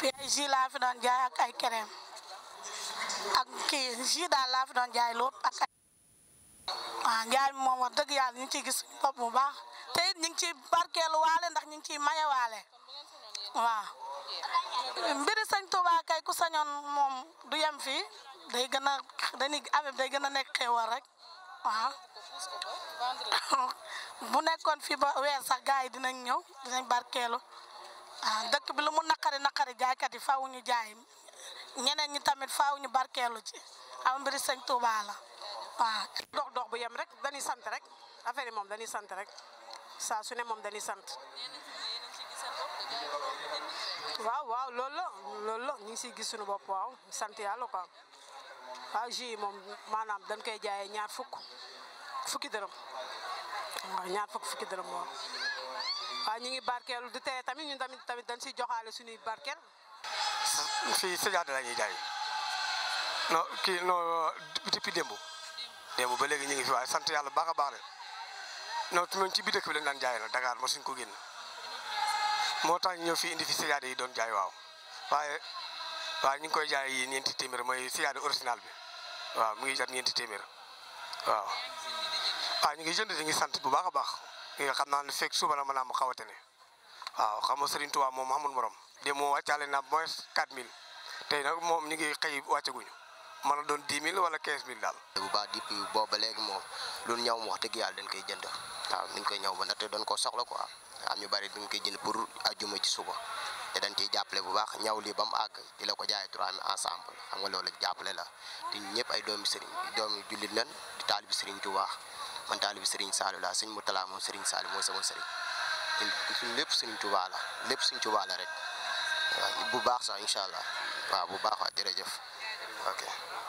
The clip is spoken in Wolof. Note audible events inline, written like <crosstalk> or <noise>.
fii ay jus laa fi doon jaay ak ay crème ak kii daal laa fi doon jaay lépp ak ay waaw moom wax dëgg yàlla ñu ciy gis bopp bu baax te it ñu ngi ciy barkeelu waale ndax ñu ngi ciy maye waale waaw mbiri sëñ Touba kay ku sañoon moom du yem fii day gën dañuy affaire day gën a nekk xéewal rek waaw <laughs> bu nekkoon fii ba weer sax gars yi dinañ ñëw dinañ barkeelu ah dëkk bi lu mu naqari naqari jaaykat yi faaw ñu jaay ñeneen ñi tamit faaw ñu barkeelu ci am mbiri sëñ Touba la waaw. Ah, dox dox bu yem rek dañuy sant rek affaire yi moom dañuy sant rek saa su ne moom dañuy sant. waaw waaw loolu la loolu la ñu ngi siy gis suñu bopp waaw sant yàlla quoi waaw ah, jus yi moom maanaam dañ koy jaayee ñaar fukk. fukki dërëm waaw fukki dërëm moom waaw ñu ngi barkeelu di tee tamit ñun tamit tamit dañ siy joxaale suñuy barkeel. si Sédiatta lañuy jaay non kii non depuis démb démb ba léegi ñu ngi fi waaye sant yàlla baax a baax de non ci biir dëkk bi lañ daan jaay la Dakar moo suñ ko génn moo tax ñu ñëw fii indi fi Sédiatta yi doon jaay waaw waaye waaye ñu ngi koy jaay ñeenti téeméer mooy Sédiatta original bi waaw mu ngi jar ñeenti téeméer. waaw ah ñu ngi jënd di ngi sant bu baax a baax xam naa ne fekk suba la mën naa mu xaw a tane waaw xam nga Serigne Touba moom amul morom de moo wàccaale na moins 4000 tey nag moom ñu ngi xëy wàccaguñu mën a doon 10 mille wala 15 000 daal. bu baax di boobu ba léegi moom lu ñaw mu wax dëgg yàlla dañ koy jënd waaw dañ koy ñaw ba ndaxte doon koo soxla quoi am ñu bari dañ koy jënd pour ajjuma ci suba te dañ ciy jàppale bu baax ñaw lii ba mu àgg di la ko jaayee trois ensemble xam nga loolu jàppale la ñëpp ay doomi sëriñ doomi jullit lañ taalibi Serigne Touba man bi Serigne Saliou laa sëñ Mourtala moom Serigne Saliou mooy sama sëriñ ñun lépp Serigne Touba la lépp Serigne Touba la rek bu baax sax incha allah waaw bu baax waaw jërëjëf ok.